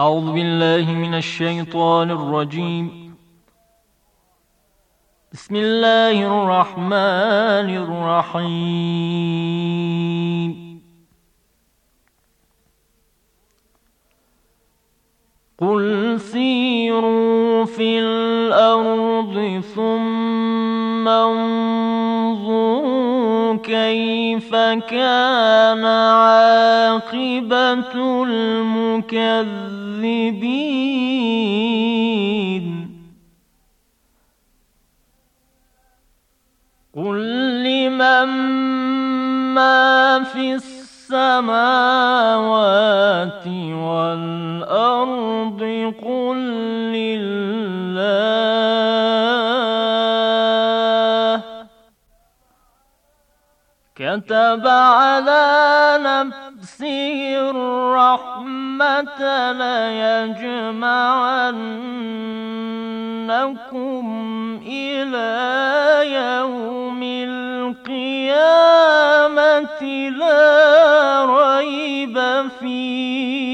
أعوذ بالله من الشيطان الرجيم بسم الله الرحمن الرحيم قل سيروا في الأرض ثم انظروا كيف كان عاقبة المكذبين المكذبين قل لمن ما في السماوات والأرض قل لله كتب على نفسه نفسه الرحمة ليجمعنكم إلى يوم القيامة لا ريب فيه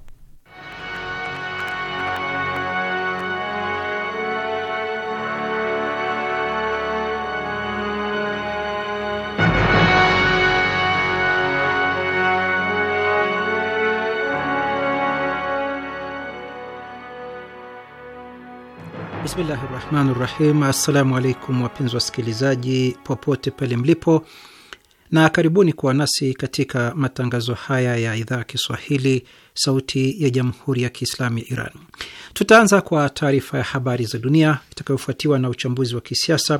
rahmani rahim. Assalamu alaikum wapenzi wasikilizaji popote pale mlipo, na karibuni kuwa nasi katika matangazo haya ya idhaa ya Kiswahili sauti ya jamhuri ya Kiislamu ya Iran. Tutaanza kwa taarifa ya habari za dunia itakayofuatiwa na uchambuzi wa kisiasa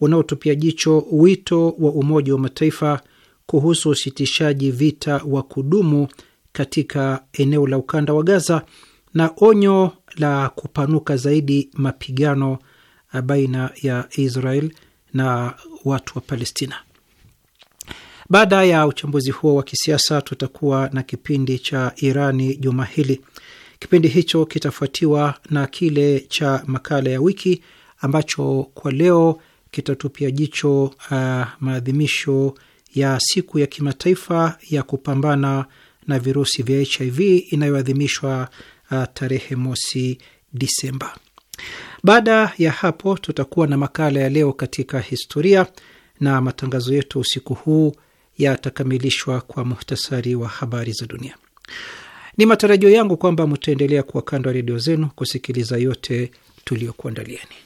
unaotupia jicho wito wa Umoja wa Mataifa kuhusu usitishaji vita wa kudumu katika eneo la ukanda wa Gaza na onyo la kupanuka zaidi mapigano eh, baina ya Israel na watu wa Palestina. Baada ya uchambuzi huo wa kisiasa, tutakuwa na kipindi cha Irani juma hili. Kipindi hicho kitafuatiwa na kile cha makala ya wiki ambacho kwa leo kitatupia jicho uh, maadhimisho ya siku ya kimataifa ya kupambana na virusi vya HIV inayoadhimishwa Uh, tarehe mosi Disemba. Baada ya hapo, tutakuwa na makala ya leo katika historia na matangazo yetu usiku huu yatakamilishwa kwa muhtasari wa habari za dunia. Ni matarajio yangu kwamba mtaendelea kuwa kando ya redio zenu kusikiliza yote tuliyokuandalieni.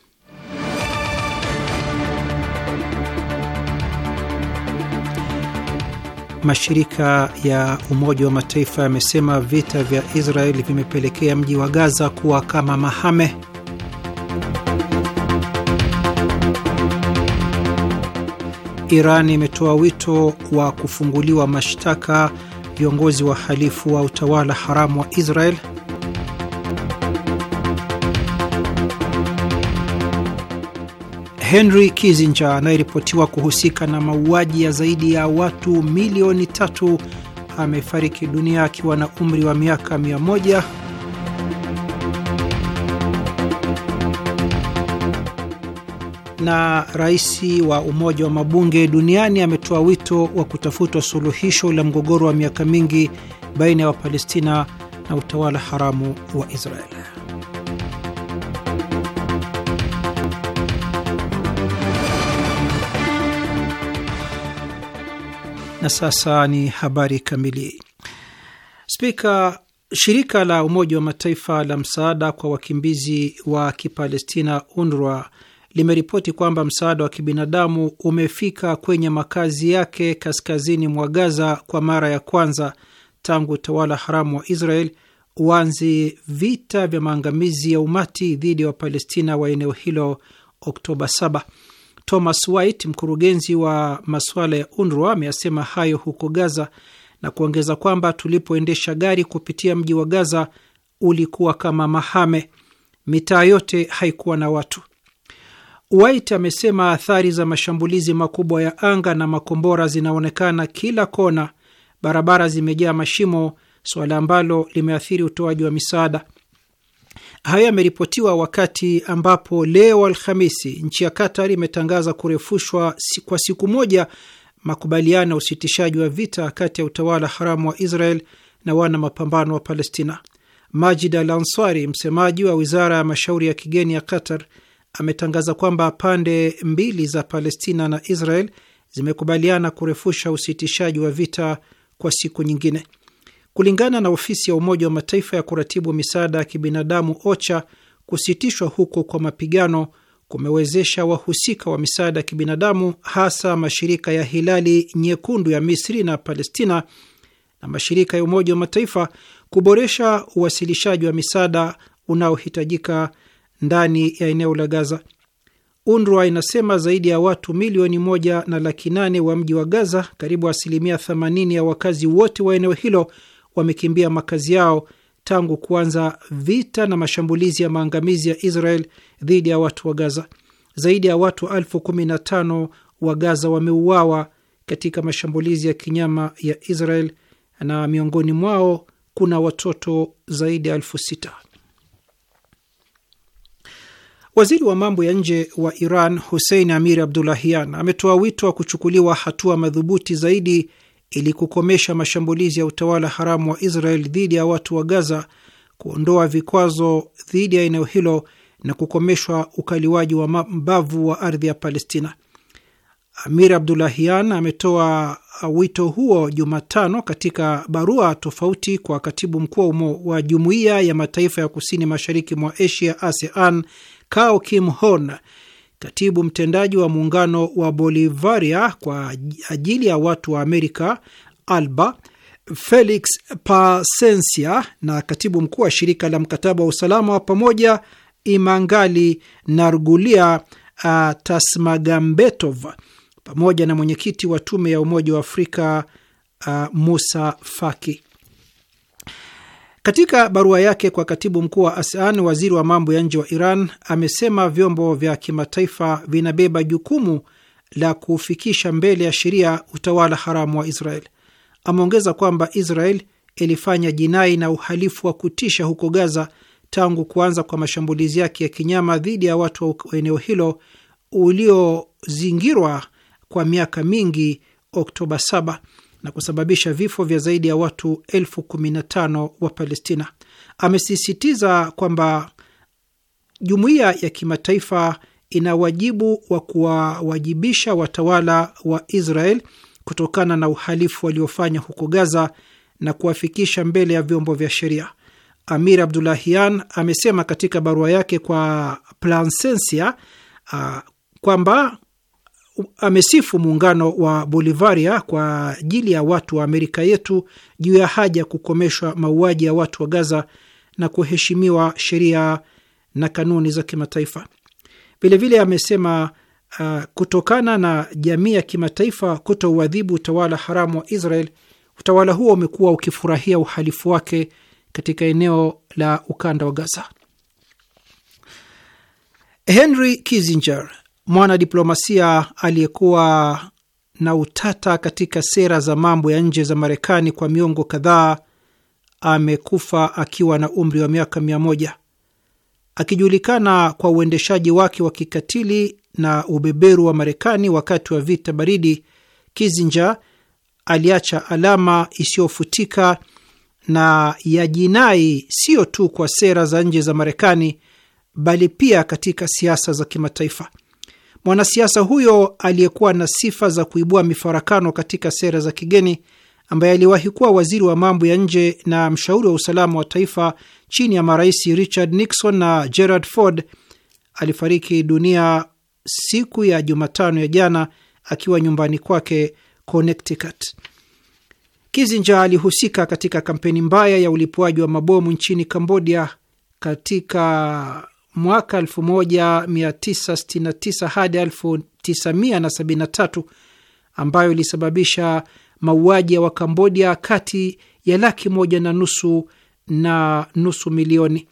Mashirika ya Umoja wa Mataifa yamesema vita vya Israeli vimepelekea mji wa Gaza kuwa kama mahame. Iran imetoa wito wa kufunguliwa mashtaka viongozi wa halifu wa utawala haramu wa Israel. Henry Kissinger anayeripotiwa kuhusika na mauaji ya zaidi ya watu milioni tatu amefariki dunia akiwa na umri wa miaka mia moja. Na rais wa Umoja wa Mabunge duniani ametoa wito wa kutafutwa suluhisho la mgogoro wa miaka mingi baina ya Wapalestina na utawala haramu wa Israeli. Na sasa ni habari kamili. Spika, shirika la Umoja wa Mataifa la msaada kwa wakimbizi wa Kipalestina, UNRWA, limeripoti kwamba msaada wa kibinadamu umefika kwenye makazi yake kaskazini mwa Gaza kwa mara ya kwanza tangu utawala haramu wa Israel uanzi vita vya maangamizi ya umati dhidi ya Wapalestina wa eneo hilo Oktoba Thomas White, mkurugenzi wa masuala ya UNRWA, ameyasema hayo huko Gaza na kuongeza kwamba tulipoendesha gari kupitia mji wa Gaza ulikuwa kama mahame, mitaa yote haikuwa na watu. White amesema athari za mashambulizi makubwa ya anga na makombora zinaonekana kila kona, barabara zimejaa mashimo, suala ambalo limeathiri utoaji wa misaada. Hayo yameripotiwa wakati ambapo leo Alhamisi nchi ya Qatar imetangaza kurefushwa kwa siku moja makubaliano ya usitishaji wa vita kati ya utawala haramu wa Israel na wana mapambano wa Palestina. Majid Al Ansari, msemaji wa wizara ya mashauri ya kigeni ya Qatar, ametangaza kwamba pande mbili za Palestina na Israel zimekubaliana kurefusha usitishaji wa vita kwa siku nyingine. Kulingana na ofisi ya Umoja wa Mataifa ya kuratibu misaada ya kibinadamu OCHA, kusitishwa huko kwa mapigano kumewezesha wahusika wa misaada ya kibinadamu hasa mashirika ya Hilali Nyekundu ya Misri na Palestina na mashirika ya Umoja wa Mataifa kuboresha uwasilishaji wa misaada unaohitajika ndani ya eneo la Gaza. UNRWA inasema zaidi ya watu milioni moja na laki nane wa mji wa Gaza, karibu asilimia 80 ya wakazi wote wa eneo hilo, wamekimbia makazi yao tangu kuanza vita na mashambulizi ya maangamizi ya Israel dhidi ya watu wa Gaza. Zaidi ya watu elfu kumi na tano wa Gaza wameuawa katika mashambulizi ya kinyama ya Israel na miongoni mwao kuna watoto zaidi ya elfu sita. Waziri wa mambo ya nje wa Iran Hussein Amir Abdulahian ametoa wito wa kuchukuliwa hatua madhubuti zaidi ili kukomesha mashambulizi ya utawala haramu wa Israel dhidi ya watu wa Gaza, kuondoa vikwazo dhidi ya eneo hilo na kukomeshwa ukaliwaji wa mabavu wa ardhi ya Palestina. Amir Abdulahian ametoa wito huo Jumatano katika barua tofauti kwa katibu mkuu wa Jumuiya ya Mataifa ya Kusini Mashariki mwa Asia, ASEAN, Kao Kim Horn Katibu mtendaji wa muungano wa Bolivaria kwa ajili ya watu wa Amerika Alba Felix Pasensia na katibu mkuu wa shirika la mkataba wa usalama wa pamoja Imangali Nargulia uh, Tasmagambetov pamoja na mwenyekiti wa tume ya Umoja wa Afrika uh, Musa Faki katika barua yake kwa katibu mkuu wa ASEAN, waziri wa mambo ya nje wa Iran amesema vyombo vya kimataifa vinabeba jukumu la kufikisha mbele ya sheria utawala haramu wa Israel. Ameongeza kwamba Israel ilifanya jinai na uhalifu wa kutisha huko Gaza tangu kuanza kwa mashambulizi yake ya kinyama dhidi ya watu wa eneo hilo uliozingirwa kwa miaka mingi Oktoba 7 na kusababisha vifo vya zaidi ya watu elfu kumi na tano wa Palestina. Amesisitiza kwamba jumuiya ya kimataifa ina wajibu wa kuwawajibisha watawala wa Israel kutokana na uhalifu waliofanya huko Gaza na kuwafikisha mbele ya vyombo vya sheria. Amir Abdulahian amesema katika barua yake kwa Plansensia uh, kwamba amesifu muungano wa Bolivaria kwa ajili ya watu wa Amerika yetu juu ya haja ya kukomeshwa mauaji ya watu wa Gaza na kuheshimiwa sheria na kanuni za kimataifa. Vilevile amesema uh, kutokana na jamii ya kimataifa kutouadhibu utawala haramu wa Israel, utawala huo umekuwa ukifurahia uhalifu wake katika eneo la ukanda wa Gaza. Henry Kissinger mwanadiplomasia aliyekuwa na utata katika sera za mambo ya nje za Marekani kwa miongo kadhaa amekufa akiwa na umri wa miaka mia moja. Akijulikana kwa uendeshaji wake wa kikatili na ubeberu wa Marekani wakati wa vita baridi, Kissinger aliacha alama isiyofutika na ya jinai, siyo tu kwa sera za nje za Marekani bali pia katika siasa za kimataifa. Mwanasiasa huyo aliyekuwa na sifa za kuibua mifarakano katika sera za kigeni, ambaye aliwahi kuwa waziri wa mambo ya nje na mshauri wa usalama wa taifa chini ya marais Richard Nixon na Gerald Ford, alifariki dunia siku ya Jumatano ya jana akiwa nyumbani kwake Connecticut. Kissinger alihusika katika kampeni mbaya ya ulipuaji wa mabomu nchini Cambodia katika mwaka 1969 hadi 1973 ambayo ilisababisha mauaji ya Wakambodia kati ya laki moja na nusu na nusu milioni.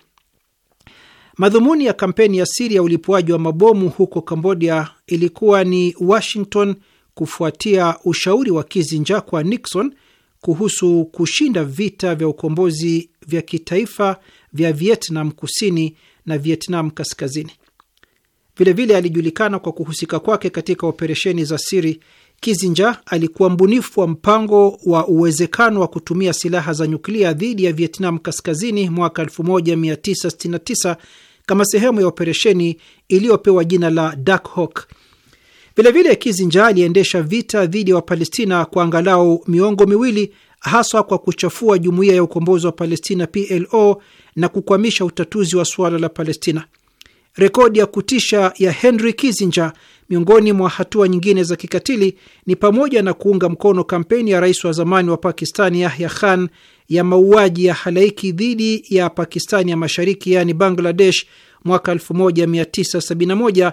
Madhumuni ya kampeni ya siri ya ulipuaji wa mabomu huko Kambodia ilikuwa ni Washington kufuatia ushauri wa Kizinja kwa Nixon kuhusu kushinda vita vya ukombozi vya kitaifa vya Vietnam Kusini na Vietnam Kaskazini. Vilevile vile alijulikana kwa kuhusika kwake katika operesheni za siri. Kissinger alikuwa mbunifu wa mpango wa uwezekano wa kutumia silaha za nyuklia dhidi ya Vietnam Kaskazini mwaka 1969 kama sehemu ya operesheni iliyopewa jina la Dark Hawk. Vilevile Kissinger aliendesha vita dhidi ya Wapalestina kwa angalau miongo miwili haswa kwa kuchafua jumuiya ya ukombozi wa Palestina PLO na kukwamisha utatuzi wa suala la Palestina. Rekodi ya kutisha ya Henry Kissinger, miongoni mwa hatua nyingine za kikatili, ni pamoja na kuunga mkono kampeni ya rais wa zamani wa Pakistani Yahya Khan ya mauaji ya halaiki dhidi ya Pakistani ya Mashariki, yaani Bangladesh, mwaka 1971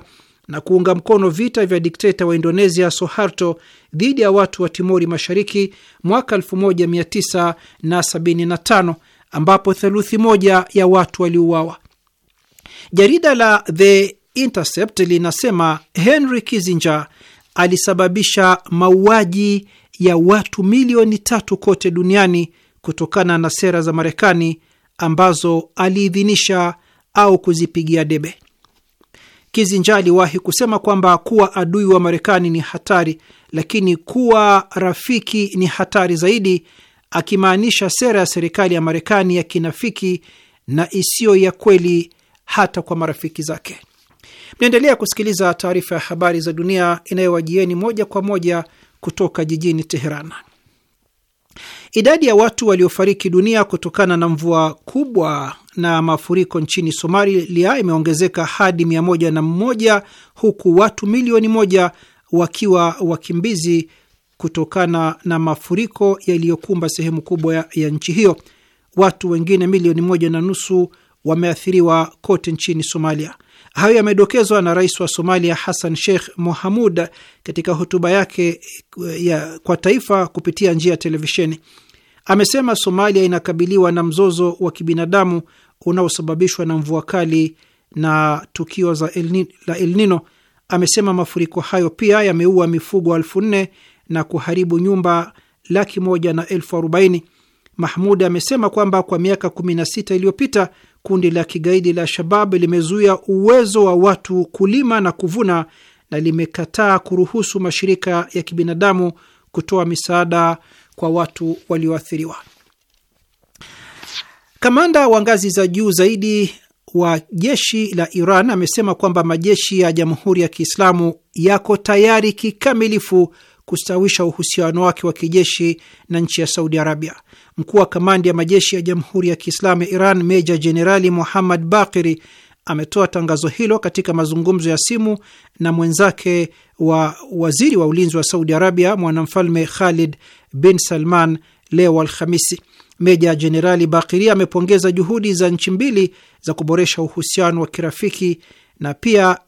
na kuunga mkono vita vya dikteta wa Indonesia soharto dhidi ya watu wa Timori Mashariki mwaka 1975 ambapo theluthi moja ya watu waliuawa. Jarida la The Intercept linasema Henry Kissinger alisababisha mauaji ya watu milioni tatu kote duniani kutokana na sera za Marekani ambazo aliidhinisha au kuzipigia debe. Kizinjali aliwahi kusema kwamba kuwa adui wa Marekani ni hatari, lakini kuwa rafiki ni hatari zaidi, akimaanisha sera ya serikali ya Marekani ya kinafiki na isiyo ya kweli hata kwa marafiki zake. Mnaendelea kusikiliza taarifa ya habari za dunia inayowajieni moja kwa moja kutoka jijini Teheran. Idadi ya watu waliofariki dunia kutokana na mvua kubwa na mafuriko nchini Somalia imeongezeka hadi mia moja na mmoja huku watu milioni moja wakiwa wakimbizi kutokana na mafuriko yaliyokumba sehemu kubwa ya, ya nchi hiyo. Watu wengine milioni moja na nusu wameathiriwa kote nchini Somalia. Hayo yamedokezwa na rais wa Somalia Hassan Sheikh Mohamud katika hotuba yake eh, ya kwa taifa kupitia njia ya televisheni. Amesema Somalia inakabiliwa na mzozo wa kibinadamu unaosababishwa na mvua kali na tukio za elni, la El Nino. Amesema mafuriko hayo pia yameua mifugo elfu nne na kuharibu nyumba laki moja na elfu arobaini. Mahmud amesema kwamba kwa miaka 16 iliyopita kundi la kigaidi la Shabab limezuia uwezo wa watu kulima na kuvuna na limekataa kuruhusu mashirika ya kibinadamu kutoa misaada kwa watu walioathiriwa. Kamanda wa ngazi za juu zaidi wa jeshi la Iran amesema kwamba majeshi ya Jamhuri ya Kiislamu yako tayari kikamilifu kustawisha uhusiano wake wa kijeshi na nchi ya Saudi Arabia. Mkuu wa kamandi ya majeshi ya Jamhuri ya Kiislamu ya Iran Meja Jenerali Muhammad Bakiri ametoa tangazo hilo katika mazungumzo ya simu na mwenzake wa waziri wa ulinzi wa Saudi Arabia mwanamfalme Khalid bin Salman leo Alhamisi. Meja Jenerali Bakiri amepongeza juhudi za nchi mbili za kuboresha uhusiano wa kirafiki na pia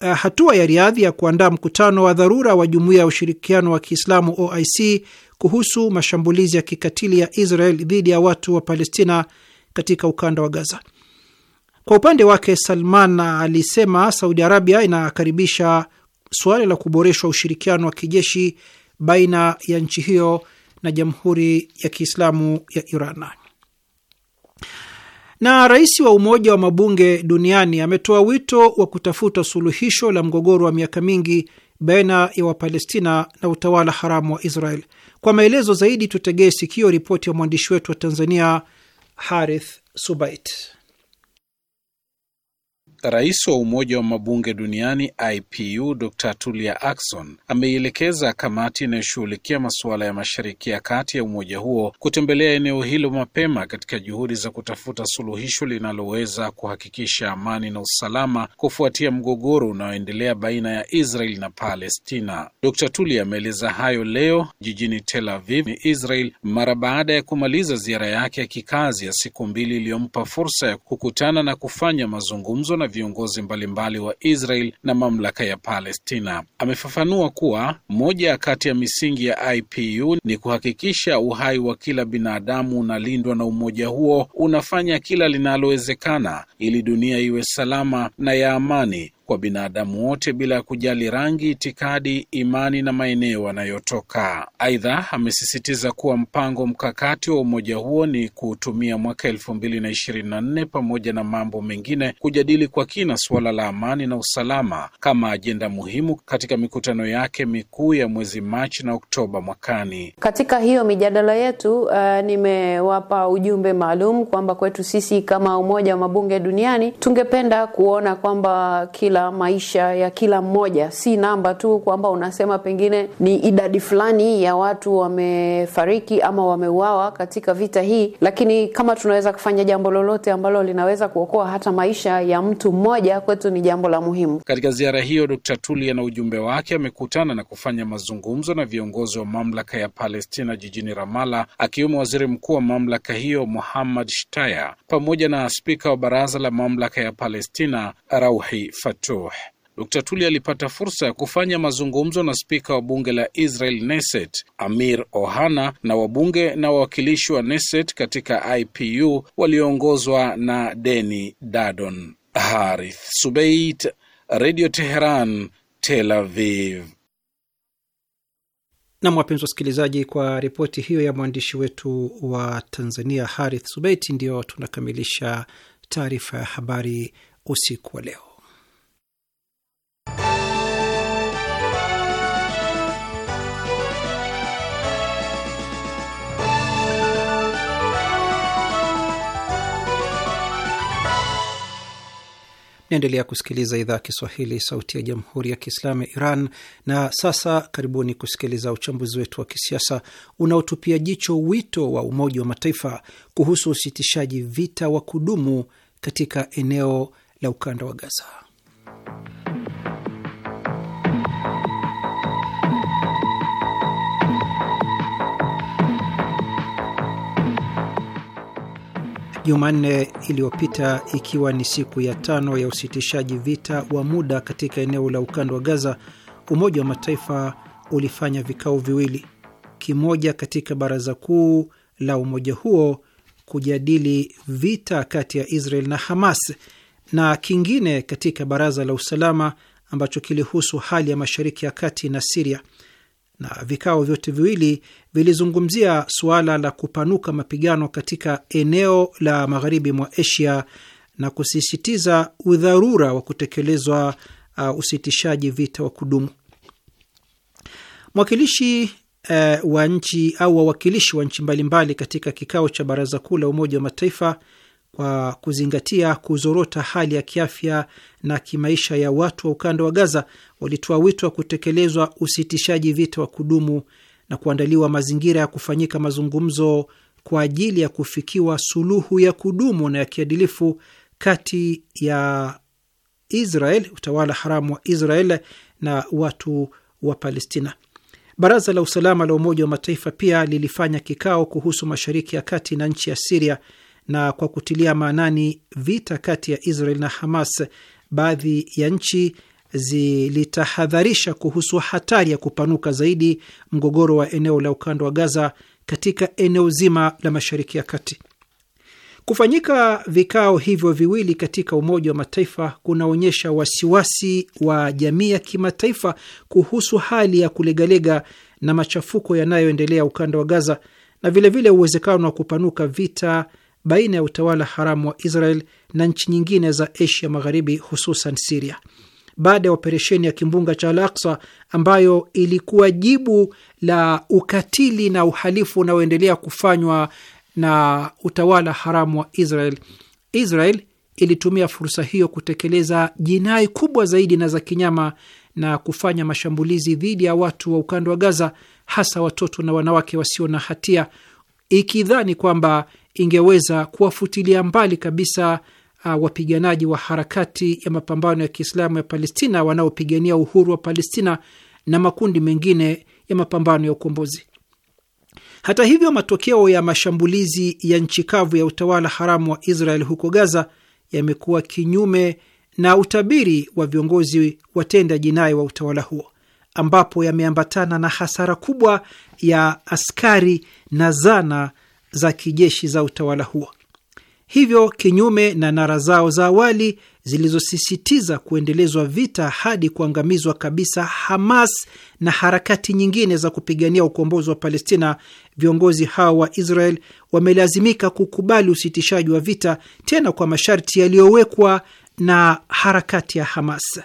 eh, hatua ya Riadhi ya kuandaa mkutano wa dharura wa Jumuiya ya Ushirikiano wa Kiislamu OIC kuhusu mashambulizi ya kikatili ya Israel dhidi ya watu wa Palestina katika ukanda wa Gaza. Kwa upande wake, Salman alisema Saudi Arabia inakaribisha suala la kuboreshwa ushirikiano wa kijeshi baina ya nchi hiyo na Jamhuri ya Kiislamu ya Iran. Na rais wa Umoja wa Mabunge Duniani ametoa wito wa kutafuta suluhisho la mgogoro wa miaka mingi baina ya Wapalestina na utawala haramu wa Israel. Kwa maelezo zaidi, tutegee sikio ripoti ya mwandishi wetu wa Tanzania, Harith Subait. Rais wa Umoja wa Mabunge Duniani IPU Dr. Tulia Ackson ameielekeza kamati inayoshughulikia masuala ya Mashariki ya Kati ya umoja huo kutembelea eneo hilo mapema katika juhudi za kutafuta suluhisho linaloweza kuhakikisha amani na usalama kufuatia mgogoro unaoendelea baina ya Israel na Palestina. Dr. Tulia ameeleza hayo leo jijini Tel Aviv, Israel, mara baada ya kumaliza ziara yake ya kikazi ya siku mbili iliyompa fursa ya kukutana na kufanya mazungumzo na na viongozi mbalimbali wa Israel na mamlaka ya Palestina. Amefafanua kuwa moja kati ya misingi ya IPU ni kuhakikisha uhai wa kila binadamu unalindwa, na umoja huo unafanya kila linalowezekana ili dunia iwe salama na ya amani kwa binadamu wote bila ya kujali rangi, itikadi, imani na maeneo anayotoka. Aidha, amesisitiza kuwa mpango mkakati wa umoja huo ni kuutumia mwaka elfu mbili na ishirini na nne pamoja na mambo mengine kujadili kwa kina suala la amani na usalama kama ajenda muhimu katika mikutano yake mikuu ya mwezi Machi na Oktoba mwakani. Katika hiyo mijadala yetu, uh, nimewapa ujumbe maalum kwamba kwetu sisi kama umoja wa mabunge duniani tungependa kuona kwamba kila la maisha ya kila mmoja, si namba tu kwamba unasema pengine ni idadi fulani ya watu wamefariki ama wameuawa katika vita hii, lakini kama tunaweza kufanya jambo lolote ambalo linaweza kuokoa hata maisha ya mtu mmoja, kwetu ni jambo la muhimu. Katika ziara hiyo, Dkt. Tulia na ujumbe wake amekutana na kufanya mazungumzo na viongozi wa mamlaka ya Palestina jijini Ramala, akiwemo waziri mkuu wa mamlaka hiyo Muhammad Shtaya pamoja na spika wa baraza la mamlaka ya Palestina Rauhi Fatu. Fatuh. Dkt Tuli alipata fursa ya kufanya mazungumzo na spika wa bunge la Israel Neset Amir Ohana na wabunge na wawakilishi wa Neset katika IPU walioongozwa na Deni Dadon. Harith Subeit, Radio Teheran, Tel Aviv. Nam, wapenzi wasikilizaji, kwa ripoti hiyo ya mwandishi wetu wa Tanzania Harith Subeit, ndio tunakamilisha taarifa ya habari usiku wa leo. Naendelea kusikiliza idhaa ya Kiswahili, sauti ya jamhuri ya kiislamu ya Iran. Na sasa karibuni kusikiliza uchambuzi wetu wa kisiasa unaotupia jicho wito wa Umoja wa Mataifa kuhusu usitishaji vita wa kudumu katika eneo la ukanda wa Gaza. Jumanne iliyopita ikiwa ni siku ya tano ya usitishaji vita wa muda katika eneo la ukanda wa Gaza, Umoja wa Mataifa ulifanya vikao viwili, kimoja katika baraza kuu la umoja huo kujadili vita kati ya Israel na Hamas na kingine katika baraza la usalama ambacho kilihusu hali ya Mashariki ya Kati na Siria na vikao vyote viwili vilizungumzia suala la kupanuka mapigano katika eneo la magharibi mwa Asia na kusisitiza udharura wa kutekelezwa uh, usitishaji vita wa kudumu. Mwakilishi uh, wa nchi au wawakilishi wa nchi mbalimbali katika kikao cha Baraza Kuu la Umoja wa Mataifa kwa kuzingatia kuzorota hali ya kiafya na kimaisha ya watu wa ukanda wa Gaza walitoa wito wa kutekelezwa usitishaji vita wa kudumu na kuandaliwa mazingira ya kufanyika mazungumzo kwa ajili ya kufikiwa suluhu ya kudumu na ya kiadilifu kati ya Israel, utawala haramu wa Israel na watu wa Palestina. Baraza la Usalama la Umoja wa Mataifa pia lilifanya kikao kuhusu Mashariki ya Kati na nchi ya Siria na kwa kutilia maanani vita kati ya Israel na Hamas, baadhi ya nchi zilitahadharisha kuhusu hatari ya kupanuka zaidi mgogoro wa eneo la ukanda wa Gaza katika eneo zima la Mashariki ya Kati. Kufanyika vikao hivyo viwili katika Umoja wa Mataifa kunaonyesha wasiwasi wa jamii ya kimataifa kuhusu hali ya kulegalega na machafuko yanayoendelea ukanda wa Gaza na vilevile uwezekano wa kupanuka vita baina ya utawala haramu wa Israel na nchi nyingine za Asia Magharibi, hususan Siria, baada ya operesheni ya kimbunga cha Al-Aqsa ambayo ilikuwa jibu la ukatili na uhalifu unaoendelea kufanywa na utawala haramu wa Israel. Israel ilitumia fursa hiyo kutekeleza jinai kubwa zaidi na za kinyama na kufanya mashambulizi dhidi ya watu wa ukanda wa Gaza, hasa watoto na wanawake wasio na hatia, ikidhani kwamba ingeweza kuwafutilia mbali kabisa uh, wapiganaji wa harakati ya mapambano ya Kiislamu ya Palestina wanaopigania uhuru wa Palestina na makundi mengine ya mapambano ya ukombozi. Hata hivyo, matokeo ya mashambulizi ya nchi kavu ya utawala haramu wa Israel huko Gaza yamekuwa kinyume na utabiri wa viongozi watenda jinai wa utawala huo ambapo yameambatana na hasara kubwa ya askari na zana za kijeshi za utawala huo. Hivyo, kinyume na nara zao za awali zilizosisitiza kuendelezwa vita hadi kuangamizwa kabisa Hamas na harakati nyingine za kupigania ukombozi wa Palestina, viongozi hao wa Israel wamelazimika kukubali usitishaji wa vita, tena kwa masharti yaliyowekwa na harakati ya Hamas.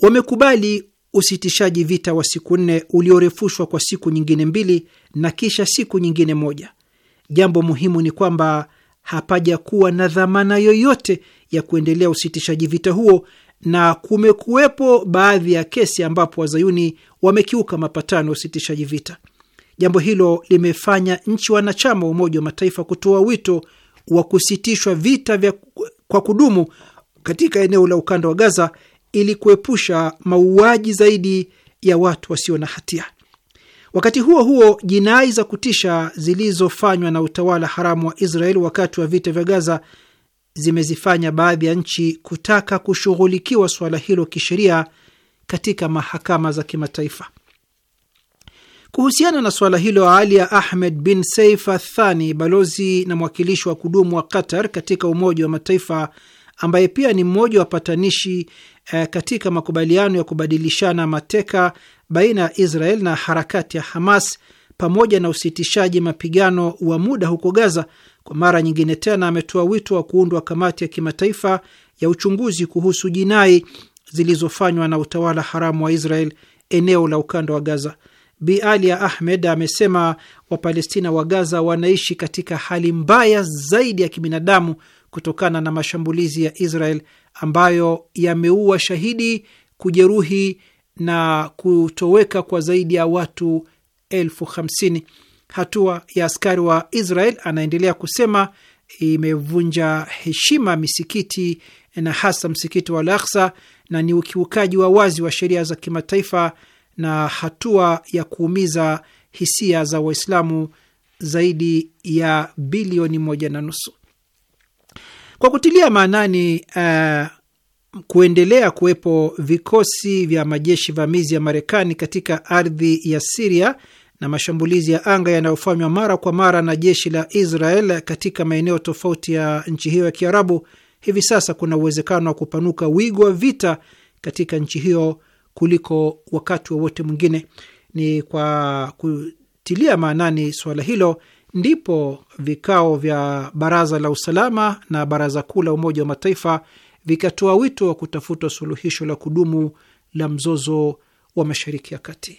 Wamekubali usitishaji vita wa siku nne uliorefushwa kwa siku nyingine mbili na kisha siku nyingine moja. Jambo muhimu ni kwamba hapaja kuwa na dhamana yoyote ya kuendelea usitishaji vita huo, na kumekuwepo baadhi ya kesi ambapo wazayuni wamekiuka mapatano ya usitishaji vita. Jambo hilo limefanya nchi wanachama wa Umoja wa Mataifa kutoa wito wa kusitishwa vita vya kwa kudumu katika eneo la ukanda wa Gaza ili kuepusha mauaji zaidi ya watu wasio na hatia. Wakati huo huo, jinai za kutisha zilizofanywa na utawala haramu wa israel wakati wa vita vya Gaza zimezifanya baadhi ya nchi kutaka kushughulikiwa suala hilo kisheria katika mahakama za kimataifa. Kuhusiana na suala hilo, Alia Ahmed bin Saif Athani, balozi na mwakilishi wa kudumu wa Qatar katika Umoja wa Mataifa, ambaye pia ni mmoja wa patanishi eh, katika makubaliano ya kubadilishana mateka baina ya Israel na harakati ya Hamas pamoja na usitishaji mapigano wa muda huko Gaza. Kwa mara nyingine tena ametoa wito wa kuundwa kamati ya kimataifa ya uchunguzi kuhusu jinai zilizofanywa na utawala haramu wa Israel eneo la ukanda wa Gaza. Bi Alia Ahmed amesema Wapalestina wa Gaza wanaishi katika hali mbaya zaidi ya kibinadamu kutokana na mashambulizi ya Israel ambayo yameua shahidi, kujeruhi na kutoweka kwa zaidi ya watu elfu hamsini. Hatua ya askari wa Israel, anaendelea kusema, imevunja heshima misikiti na hasa msikiti wa Al-Aqsa na ni ukiukaji wa wazi wa sheria za kimataifa na hatua ya kuumiza hisia za Waislamu zaidi ya bilioni moja na nusu. Kwa kutilia maanani uh, kuendelea kuwepo vikosi vya majeshi vamizi ya Marekani katika ardhi ya Siria na mashambulizi ya anga yanayofanywa mara kwa mara na jeshi la Israel katika maeneo tofauti ya nchi hiyo ya Kiarabu, hivi sasa kuna uwezekano wa kupanuka wigo wa vita katika nchi hiyo kuliko wakati wowote wa mwingine. Ni kwa kutilia maanani suala hilo ndipo vikao vya Baraza la Usalama na Baraza Kuu la Umoja wa Mataifa vikatoa wito wa kutafuta suluhisho la kudumu la mzozo wa Mashariki ya Kati.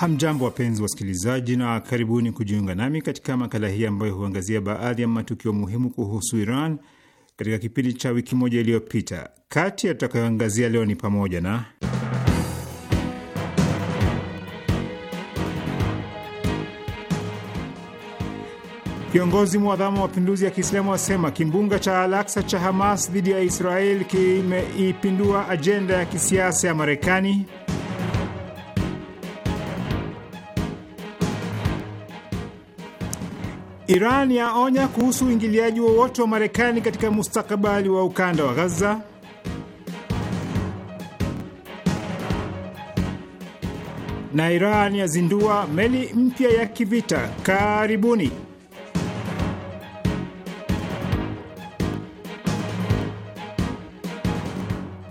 Hamjambo, wapenzi wasikilizaji, na karibuni kujiunga nami katika makala hii ambayo huangazia baadhi ya matukio muhimu kuhusu Iran katika kipindi cha wiki moja iliyopita. Kati ya tutakayoangazia leo ni pamoja na Kiongozi mwadhamu wa mapinduzi ya Kiislamu asema kimbunga cha alaksa cha Hamas dhidi ya Israel kimeipindua ajenda ya kisiasa ya Marekani. Iran yaonya kuhusu uingiliaji wowote wa, Marekani katika mustakabali wa ukanda wa Gaza. Na Iran yazindua meli mpya ya kivita karibuni.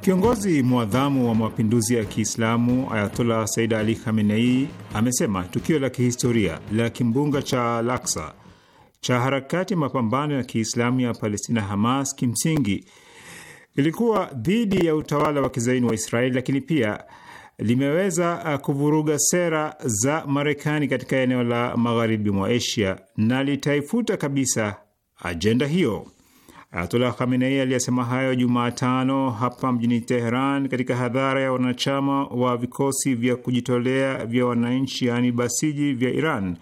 Kiongozi mwadhamu wa mapinduzi ya Kiislamu Ayatollah Said Ali Khamenei amesema tukio la kihistoria la kimbunga cha Laksa cha harakati mapambano ya Kiislamu ya Palestina Hamas kimsingi ilikuwa dhidi ya utawala wa kizaini wa Israeli, lakini pia limeweza uh, kuvuruga sera za Marekani katika eneo la magharibi mwa Asia na litaifuta kabisa ajenda hiyo. Ayatullah Khamenei aliyesema hayo Jumatano hapa mjini Teheran katika hadhara ya wanachama wa vikosi vya kujitolea vya wananchi, yaani Basiji, vya Iran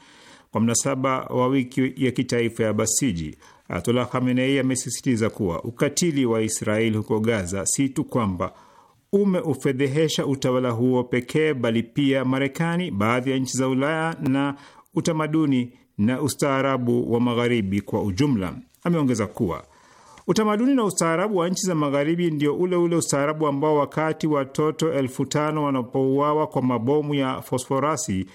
kwa mnasaba wa wiki ya kitaifa ya Basiji, Ayatollah Khamenei amesisitiza kuwa ukatili wa Israeli huko Gaza si tu kwamba umeufedhehesha utawala huo pekee, bali pia Marekani, baadhi ya nchi za Ulaya na utamaduni na ustaarabu wa Magharibi kwa ujumla. Ameongeza kuwa utamaduni na ustaarabu wa nchi za Magharibi ndio ule ule ustaarabu ambao wakati watoto elfu tano wanapouawa kwa mabomu ya fosforasi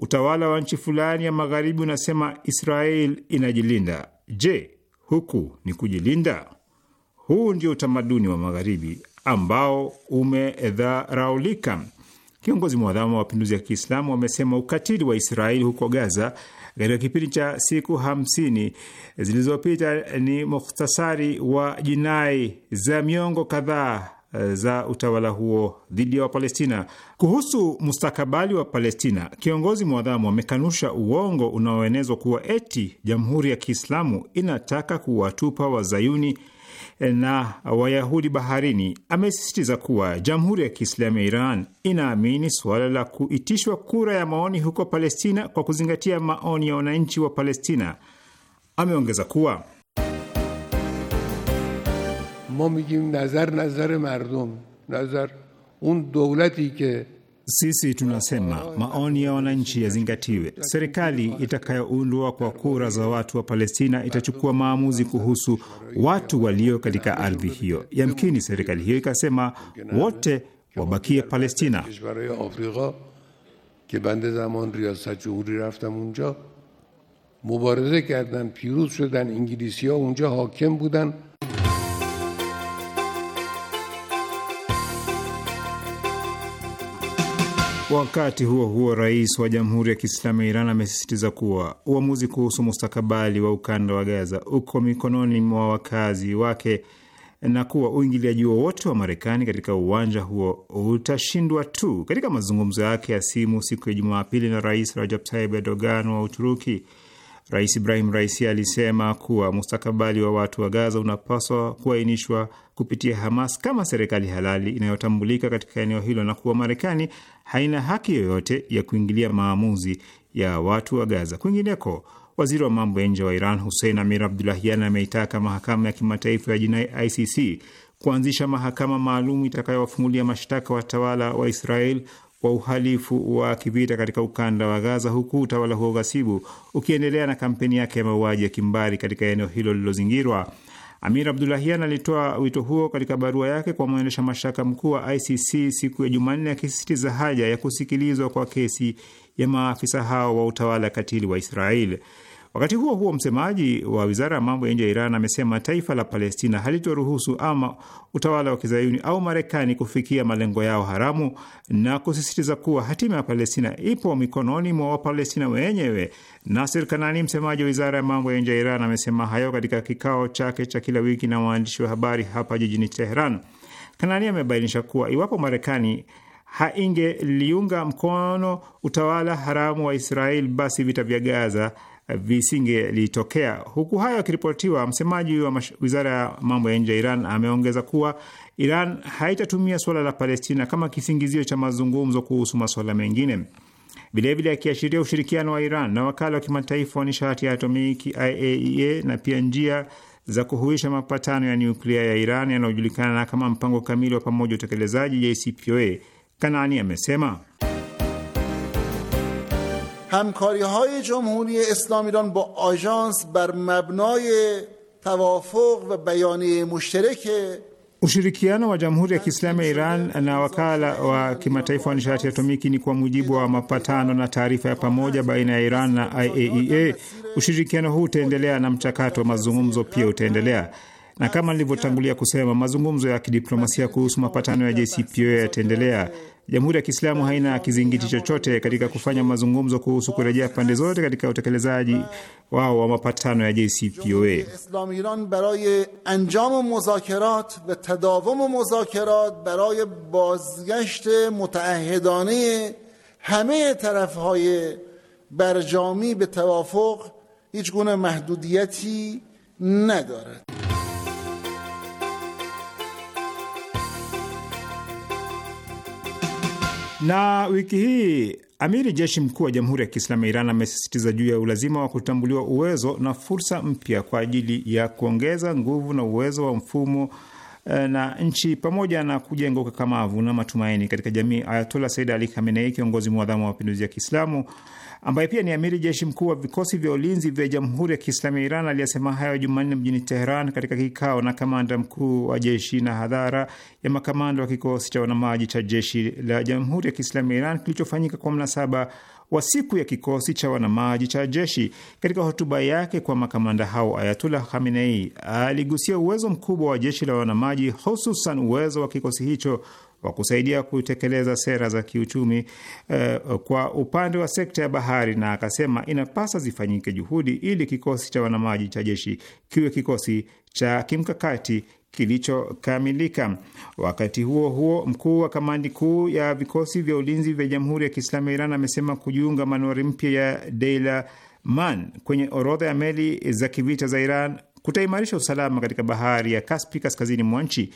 utawala wa nchi fulani ya magharibi unasema Israel inajilinda. Je, huku ni kujilinda? Huu ndio utamaduni wa magharibi ambao umedharaulika. Kiongozi mwadhamu wa mapinduzi ya Kiislamu wamesema ukatili wa Israeli huko Gaza katika kipindi cha siku hamsini zilizopita ni mukhtasari wa jinai za miongo kadhaa za utawala huo dhidi ya Wapalestina. Kuhusu mustakabali wa Palestina, kiongozi mwadhamu amekanusha uongo unaoenezwa kuwa eti Jamhuri ya Kiislamu inataka kuwatupa wazayuni na Wayahudi baharini. Amesisitiza kuwa Jamhuri ya Kiislamu ya Iran inaamini suala la kuitishwa kura ya maoni huko Palestina kwa kuzingatia maoni ya wananchi wa Palestina. Ameongeza kuwa میگیم نظر نظر مردم نظر اون دولتی که sisi tunasema maoni ya wananchi yazingatiwe. Serikali itakayoundwa kwa kura za watu wa Palestina itachukua maamuzi kuhusu watu walio katika ardhi hiyo. Yamkini serikali hiyo ikasema wote wabakie Palestina. mubarizه kardand piruz shudan ingilisi ha unja hakim budan Wakati huo huo, rais wa Jamhuri ya Kiislamu ya Iran amesisitiza kuwa uamuzi kuhusu mustakabali wa ukanda wa Gaza uko mikononi mwa wakazi wake na kuwa uingiliaji wowote wa Marekani katika uwanja huo utashindwa tu. Katika mazungumzo yake ya simu siku ya Jumapili na Rais Rajab Tayyip Erdogan wa Uturuki, Rais Ibrahim Raisi alisema kuwa mustakabali wa watu wa Gaza unapaswa kuainishwa kupitia Hamas kama serikali halali inayotambulika katika eneo hilo na kuwa Marekani haina haki yoyote ya kuingilia maamuzi ya watu wa Gaza. Kwingineko, waziri wa mambo ya nje wa Iran Hussein Amir Abdulahian ameitaka mahakama ya kimataifa ya jinai ICC kuanzisha mahakama maalum itakayowafungulia mashtaka watawala wa Israel wa uhalifu wa kivita katika ukanda wa Gaza, huku utawala huo ghasibu ukiendelea na kampeni yake ya mauaji ya kimbari katika eneo hilo lililozingirwa. Amir Abdulahian alitoa wito huo katika barua yake kwa mwendesha mashtaka mkuu wa ICC siku ya Jumanne, akisisitiza haja ya kusikilizwa kwa kesi ya maafisa hao wa utawala katili wa Israeli. Wakati huo huo, msemaji wa wizara ya mambo ya nje ya Iran amesema taifa la Palestina halitoruhusu ama utawala wa kizayuni au Marekani kufikia malengo yao haramu na kusisitiza kuwa hatima ya Palestina ipo mikononi mwa Wapalestina wenyewe. Nasir Kanani, msemaji wa wizara ya mambo ya nje ya Iran, amesema hayo katika kikao chake cha kila wiki na waandishi wa habari hapa jijini Teheran. Kanani amebainisha kuwa iwapo Marekani haingeliunga mkono utawala haramu wa Israel, basi vita vya Gaza visingelitokea. Huku hayo akiripotiwa, msemaji wa wizara ya mambo ya nje ya Iran ameongeza kuwa Iran haitatumia suala la Palestina kama kisingizio cha mazungumzo kuhusu masuala mengine. Vilevile akiashiria ushirikiano wa Iran na wakala wa kimataifa wa nishati ya atomiki IAEA e na pia njia za kuhuisha mapatano ya nyuklia ya Iran yanayojulikana kama mpango kamili wa pamoja utekelezaji JCPOA, Kanani amesema همکاری های جمهوری اسلام ایران با آژانس بر مبنای توافق و بیانیه مشترک Ushirikiano wa Jamhuri ya Kiislamu ya Iran na Wakala wa Kimataifa wa Nishati Atomiki ni kwa mujibu wa mapatano na taarifa ya pamoja baina ya Iran na IAEA. Ushirikiano huu utaendelea na mchakato wa mazungumzo pia utaendelea. Na kama nilivyotangulia kusema, mazungumzo ya kidiplomasia kuhusu mapatano ya JCPOA yataendelea. Jamhuri ya Kiislamu haina kizingiti chochote katika kufanya mazungumzo kuhusu kurejea pande zote katika utekelezaji wao wa mapatano ya JCPOA. Iran همه hame های barjami be توافق هیچ گونه محدودیتی ندارد Na wiki hii amiri jeshi mkuu wa Jamhuri ya Kiislamu ya Iran amesisitiza juu ya ulazima wa kutambuliwa uwezo na fursa mpya kwa ajili ya kuongeza nguvu na uwezo wa mfumo eh, na nchi pamoja na kujenga ukakamavu na matumaini katika jamii. Ayatola Said Ali Khamenei, kiongozi mwadhamu wa mapinduzi ya Kiislamu ambaye pia ni amiri jeshi mkuu wa vikosi vya ulinzi vya jamhuri ya Kiislamu ya Iran aliyesema hayo Jumanne mjini Teheran katika kikao na kamanda mkuu wa jeshi na hadhara ya makamanda wa kikosi cha wanamaji cha jeshi la jamhuri ya Kiislamu ya Iran kilichofanyika kwa mnasaba wa siku ya kikosi cha wanamaji cha jeshi. Katika hotuba yake kwa makamanda hao, Ayatullah Khamenei aligusia uwezo mkubwa wa jeshi la wanamaji, hususan uwezo wa kikosi hicho wa kusaidia kutekeleza sera za kiuchumi eh, kwa upande wa sekta ya bahari, na akasema inapasa zifanyike juhudi ili kikosi cha wanamaji cha jeshi kiwe kikosi cha kimkakati kilichokamilika. Wakati huo huo, mkuu wa kamandi kuu ya vikosi vya ulinzi vya Jamhuri ya Kiislamu ya Iran amesema kujiunga manuari mpya ya Deila Man kwenye orodha ya meli za kivita za Iran kutaimarisha usalama katika bahari ya Kaspi kaskazini mwa nchi.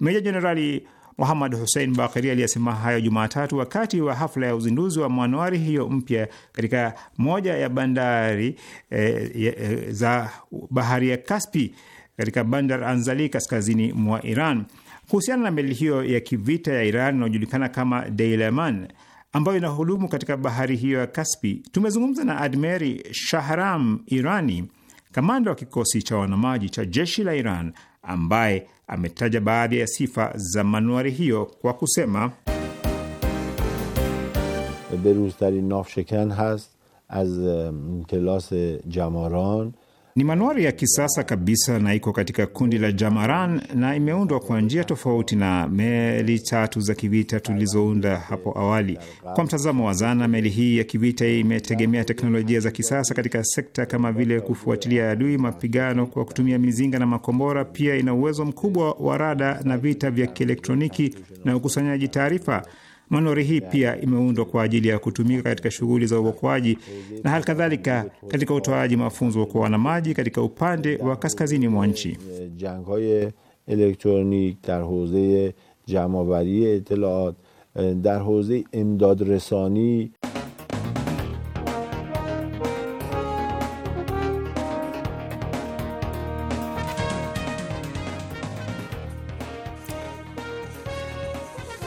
Meja Jenerali Muhammad husein Bakari aliyesema hayo Jumatatu wakati wa hafla ya uzinduzi wa manuari hiyo mpya katika moja ya bandari e, e, za bahari ya Kaspi katika Bandar Anzali kaskazini mwa Iran kuhusiana na meli hiyo ya kivita ya Iran inayojulikana kama Deileman ambayo inahudumu katika bahari hiyo ya Kaspi. Tumezungumza na Admeri Shahram Irani, kamanda wa kikosi cha wanamaji cha jeshi la Iran ambaye ametaja baadhi ya sifa za manuari hiyo kwa kusema beruztarin nafshekan hast az um, kelas jamaran ni manuari ya kisasa kabisa na iko katika kundi la Jamaran na imeundwa kwa njia tofauti na meli tatu za kivita tulizounda hapo awali. Kwa mtazamo wa zana, meli hii ya kivita imetegemea teknolojia za kisasa katika sekta kama vile kufuatilia adui, mapigano kwa kutumia mizinga na makombora. Pia ina uwezo mkubwa wa rada na vita vya kielektroniki na ukusanyaji taarifa manori hii pia imeundwa kwa ajili ya kutumika katika shughuli za uokoaji na hali kadhalika katika utoaji mafunzo kwa wanamaji katika upande wa kaskazini mwa nchi.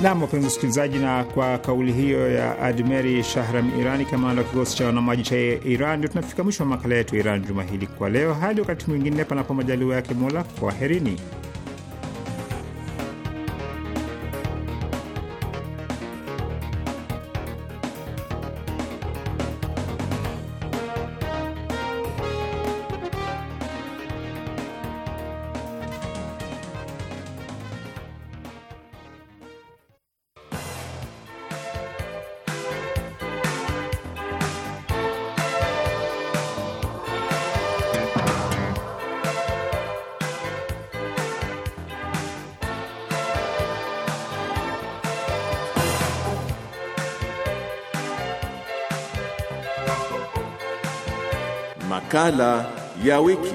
Nam, wapenzi msikilizaji, na kwa kauli hiyo ya Admeri Shahram Irani, kamanda wa kikosi cha wanamaji cha Iran, ndio tunafika mwisho wa makala yetu ya Iran juma hili kwa leo. Hadi wakati mwingine, panapo majaliwa yake Mola, kwaherini. makala ya wiki.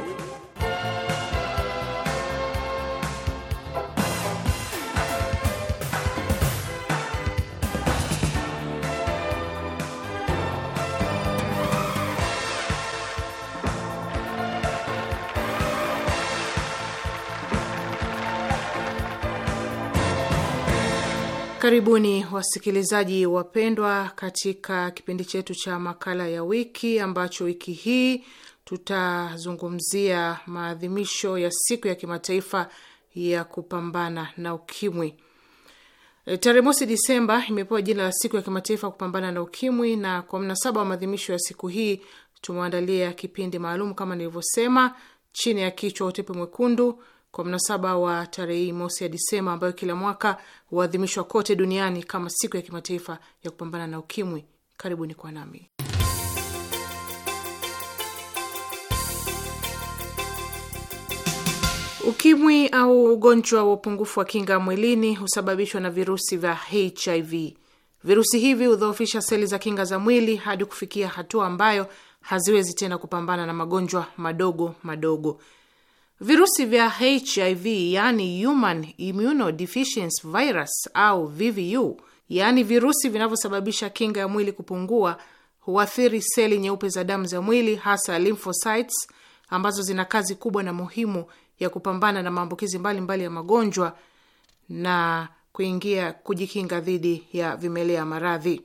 Karibuni wasikilizaji wapendwa, katika kipindi chetu cha makala ya wiki ambacho wiki hii tutazungumzia maadhimisho ya siku ya kimataifa ya kupambana na ukimwi. E, tarehe mosi Disemba imepewa jina la siku ya kimataifa ya kupambana na ukimwi, na kwa mnasaba wa maadhimisho ya siku hii tumeandalia kipindi maalum kama nilivyosema, chini ya kichwa Utepe Mwekundu, kwa mnasaba wa tarehe hii mosi ya Disemba ambayo kila mwaka huadhimishwa kote duniani kama siku ya kimataifa ya kupambana na ukimwi. Karibuni kwa nami. Ukimwi au ugonjwa wa upungufu wa kinga mwilini husababishwa na virusi vya HIV. Virusi hivi hudhoofisha seli za kinga za mwili hadi kufikia hatua ambayo haziwezi tena kupambana na magonjwa madogo madogo. Virusi vya HIV yani human immunodeficiency virus au VVU, yaani virusi vinavyosababisha kinga ya mwili kupungua, huathiri seli nyeupe za damu za mwili, hasa lymphocytes, ambazo zina kazi kubwa na muhimu ya kupambana na maambukizi mbalimbali ya magonjwa na kuingia kujikinga dhidi ya vimelea maradhi.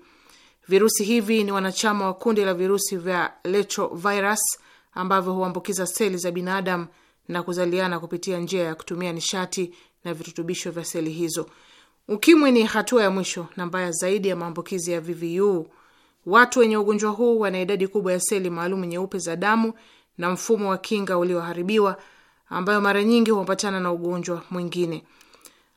Virusi hivi ni wanachama wa kundi la virusi vya retrovirus ambavyo huambukiza seli za binadamu na kuzaliana kupitia njia ya kutumia nishati na virutubisho vya seli hizo. Ukimwi ni hatua ya mwisho na mbaya zaidi ya maambukizi ya VVU. Watu wenye ugonjwa huu wana idadi kubwa ya seli maalum nyeupe za damu na mfumo wa kinga ulioharibiwa ambayo mara nyingi huambatana na ugonjwa mwingine.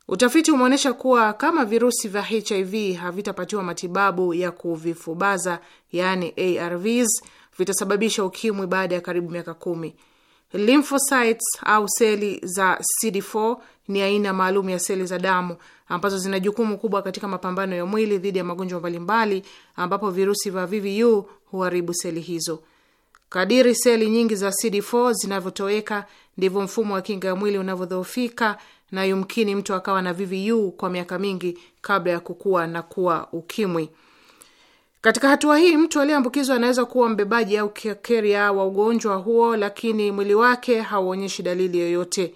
Utafiti umeonyesha kuwa kama virusi vya HIV havitapatiwa matibabu ya kuvifubaza, yani ARVs, vitasababisha ukimwi baada ya karibu miaka kumi. Lymphocytes au seli za CD4 ni aina maalum ya seli za damu ambazo zina jukumu kubwa katika mapambano ya mwili dhidi ya magonjwa mbalimbali, ambapo virusi vya VVU huharibu seli hizo. Kadiri seli nyingi za CD4 zinavyotoweka ndivyo mfumo wa kinga ya mwili unavyodhoofika na yumkini mtu akawa na VVU kwa miaka mingi kabla ya kukua na kuwa ukimwi. Katika hatua hii, mtu aliyeambukizwa anaweza kuwa mbebaji au keria wa ugonjwa huo, lakini mwili wake hauonyeshi dalili yoyote.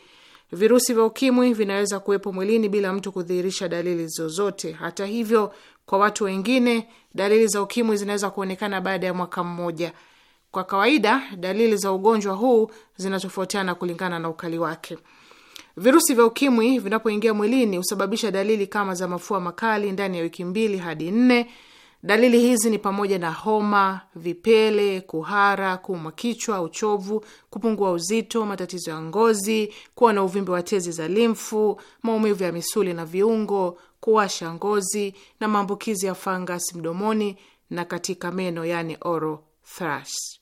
Virusi vya ukimwi vinaweza kuwepo mwilini bila mtu kudhihirisha dalili zozote. Hata hivyo, kwa watu wengine dalili za ukimwi zinaweza kuonekana baada ya mwaka mmoja. Kwa kawaida dalili za ugonjwa huu zinatofautiana kulingana na ukali wake. Virusi vya ukimwi vinapoingia mwilini husababisha dalili kama za mafua makali ndani ya wiki mbili hadi nne. Dalili hizi ni pamoja na homa, vipele, kuhara, kuumwa kichwa, uchovu, kupungua uzito, matatizo ya ngozi, kuwa na uvimbe wa tezi za limfu, maumivu ya misuli na viungo, kuwasha ngozi na maambukizi ya fangasi mdomoni na katika meno, yani oral thrush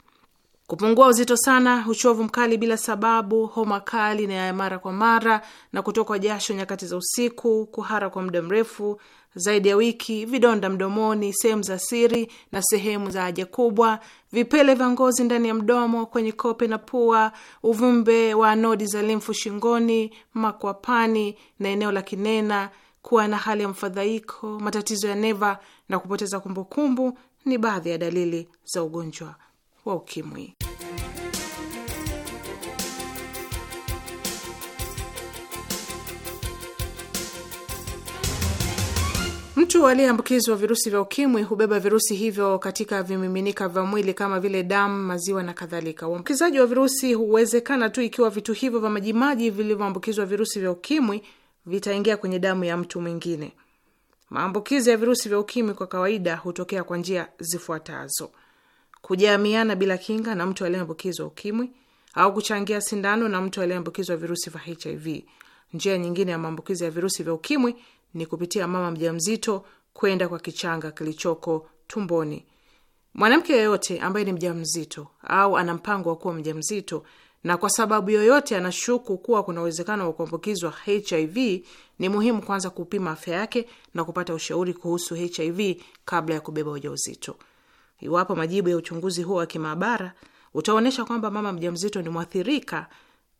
kupungua uzito sana, uchovu mkali bila sababu, homa kali na ya mara kwa mara, na kutokwa jasho nyakati za usiku, kuhara kwa muda mrefu zaidi ya wiki, vidonda mdomoni, sehemu za siri na sehemu za haja kubwa, vipele vya ngozi ndani ya mdomo, kwenye kope na pua, uvimbe wa nodi za limfu shingoni, makwapani na eneo la kinena, kuwa na hali ya mfadhaiko, matatizo ya neva na kupoteza kumbukumbu ni baadhi ya dalili za ugonjwa wa ukimwi. Mtu aliyeambukizwa virusi vya ukimwi hubeba virusi hivyo katika vimiminika vya mwili kama vile damu, maziwa na kadhalika. Uambukizaji wa virusi huwezekana tu ikiwa vitu hivyo vya majimaji vilivyoambukizwa virusi vya ukimwi vitaingia kwenye damu ya mtu mwingine. Maambukizi ya virusi vya ukimwi kwa kawaida hutokea kwa njia zifuatazo: kujamiana bila kinga na mtu aliyeambukizwa ukimwi au kuchangia sindano na mtu aliyeambukizwa virusi vya HIV. Njia nyingine ya maambukizi ya virusi vya ukimwi ni kupitia mama mjamzito kwenda kwa kichanga kilichoko tumboni. Mwanamke yeyote ambaye ni mjamzito au ana mpango wa kuwa mjamzito na kwa sababu yoyote anashuku kuwa kuna uwezekano wa kuambukizwa HIV, ni muhimu kwanza kupima afya yake na kupata ushauri kuhusu HIV kabla ya kubeba ujauzito. Iwapo majibu ya uchunguzi huo wa kimaabara utaonyesha kwamba mama mjamzito ni mwathirika,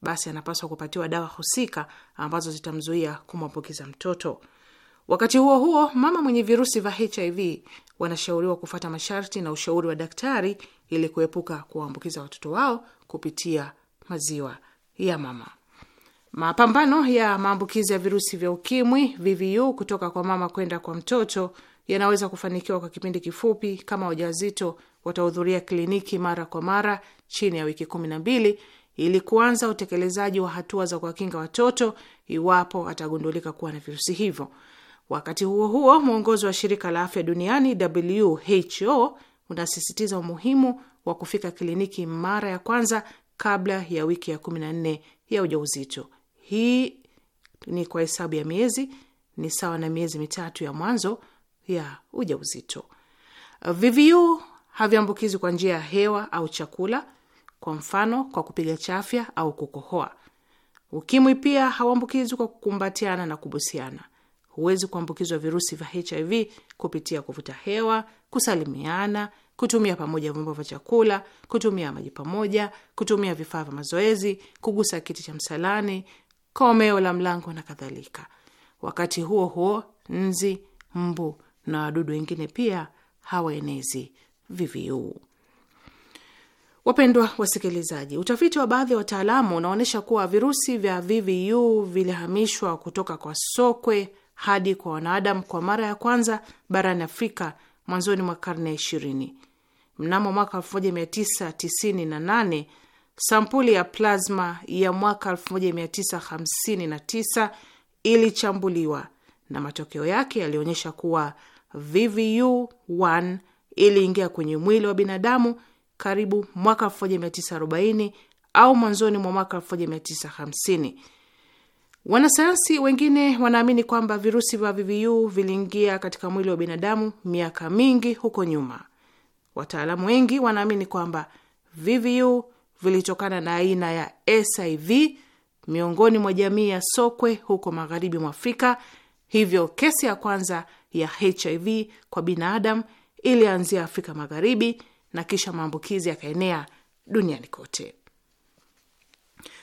basi anapaswa kupatiwa dawa husika ambazo zitamzuia kumwambukiza mtoto. Wakati huo huo, mama mwenye virusi vya HIV wanashauriwa kufata masharti na ushauri wa daktari ili kuepuka kuwaambukiza watoto wao kupitia maziwa ya mama. Mapambano ya maambukizi ya virusi vya ukimwi VVU kutoka kwa mama kwenda kwa mtoto yanaweza kufanikiwa kwa kipindi kifupi kama wajawazito watahudhuria kliniki mara kwa mara chini ya wiki kumi na mbili ili kuanza utekelezaji wa hatua za kuwakinga watoto iwapo atagundulika kuwa na virusi hivyo. Wakati huo huo, mwongozi wa shirika la afya duniani WHO unasisitiza umuhimu wa kufika kliniki mara ya kwanza kabla ya wiki ya nne ya ujauzito. Hii ni kwa hesabu ya miezi, ni sawa na miezi mitatu ya mwanzo ya ujauzito. VVU haviambukizi kwa njia ya hewa au chakula, kwa mfano kwa kupiga chafya au kukohoa. Ukimwi pia hauambukizwi kwa kukumbatiana na kubusiana. Huwezi kuambukizwa virusi vya HIV kupitia kuvuta hewa, kusalimiana, kutumia pamoja vyombo vya chakula, kutumia maji pamoja, kutumia vifaa vya mazoezi, kugusa kiti cha msalani, komeo la mlango na kadhalika. Wakati huo huo, nzi, mbu na wadudu wengine pia hawaenezi VVU. Wapendwa wasikilizaji, utafiti wa baadhi ya wataalamu unaonyesha kuwa virusi vya VVU vilihamishwa kutoka kwa sokwe hadi kwa wanadamu kwa mara ya kwanza barani Afrika mwanzoni mwa karne ya ishirini. Mnamo mwaka 1998 sampuli ya plasma ya mwaka 1959 ilichambuliwa na matokeo yake yalionyesha kuwa VVU1 iliingia kwenye mwili wa binadamu karibu mwaka 1940 au mwanzoni mwa mwaka 1950. Wanasayansi wengine wanaamini kwamba virusi vya VVU viliingia katika mwili wa binadamu miaka mingi huko nyuma. Wataalamu wengi wanaamini kwamba VVU vilitokana na aina ya SIV miongoni mwa jamii ya sokwe huko magharibi mwa Afrika. Hivyo kesi ya kwanza ya HIV kwa binadamu ilianzia Afrika Magharibi na kisha maambukizi yakaenea duniani kote.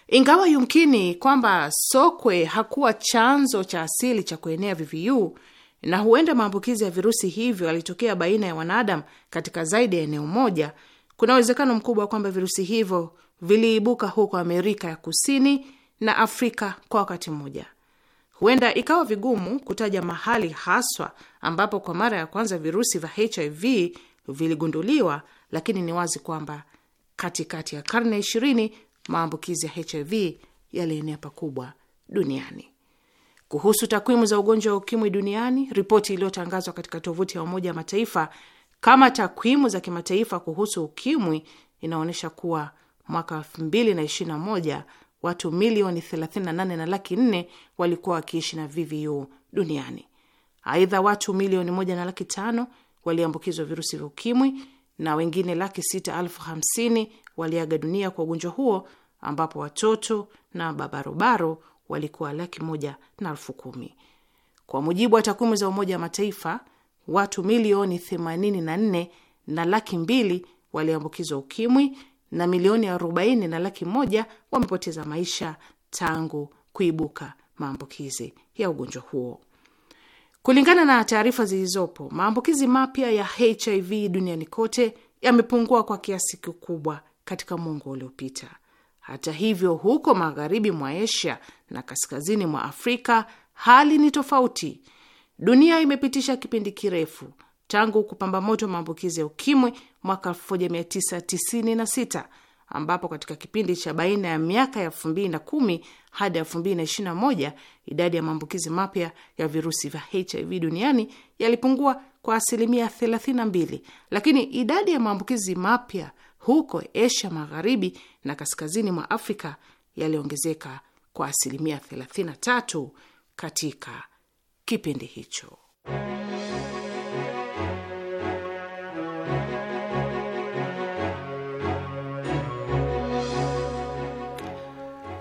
Ingawa yumkini kwamba sokwe hakuwa chanzo cha asili cha kuenea VVU na huenda maambukizi ya virusi hivyo yalitokea baina ya wanadamu katika zaidi ya eneo moja, kuna uwezekano mkubwa kwamba virusi hivyo viliibuka huko Amerika ya Kusini na Afrika kwa wakati mmoja huenda ikawa vigumu kutaja mahali haswa ambapo kwa mara ya kwanza virusi vya HIV viligunduliwa, lakini ni wazi kwamba katikati ya karne 20 maambukizi ya HIV yalienea pakubwa duniani. Kuhusu takwimu za ugonjwa wa ukimwi duniani, ripoti iliyotangazwa katika tovuti ya Umoja wa Mataifa kama takwimu za kimataifa kuhusu ukimwi inaonyesha kuwa mwaka 2021 watu milioni 38 na laki 4 walikuwa wakiishi na VVU duniani. Aidha, watu milioni moja na laki tano waliambukizwa virusi vya ukimwi na wengine laki sita elfu hamsini waliaga dunia kwa ugonjwa huo, ambapo watoto na babarobaro walikuwa laki moja na elfu kumi. Kwa mujibu wa takwimu za Umoja wa Mataifa, watu milioni 84 na laki mbili waliambukizwa ukimwi na milioni arobaini na laki moja wamepoteza maisha tangu kuibuka maambukizi ya ugonjwa huo. Kulingana na taarifa zilizopo, maambukizi mapya ya HIV duniani kote yamepungua kwa kiasi kikubwa katika mwongo uliopita. Hata hivyo, huko magharibi mwa Asia na kaskazini mwa Afrika hali ni tofauti. Dunia imepitisha kipindi kirefu tangu kupamba moto maambukizi ya ukimwi mwaka 1996 ambapo katika kipindi cha baina ya miaka ya 2010 hadi 2021 idadi ya maambukizi mapya ya virusi vya HIV duniani yalipungua kwa asilimia 32, lakini idadi ya maambukizi mapya huko Asia Magharibi na kaskazini mwa Afrika yaliongezeka kwa asilimia 33 katika kipindi hicho.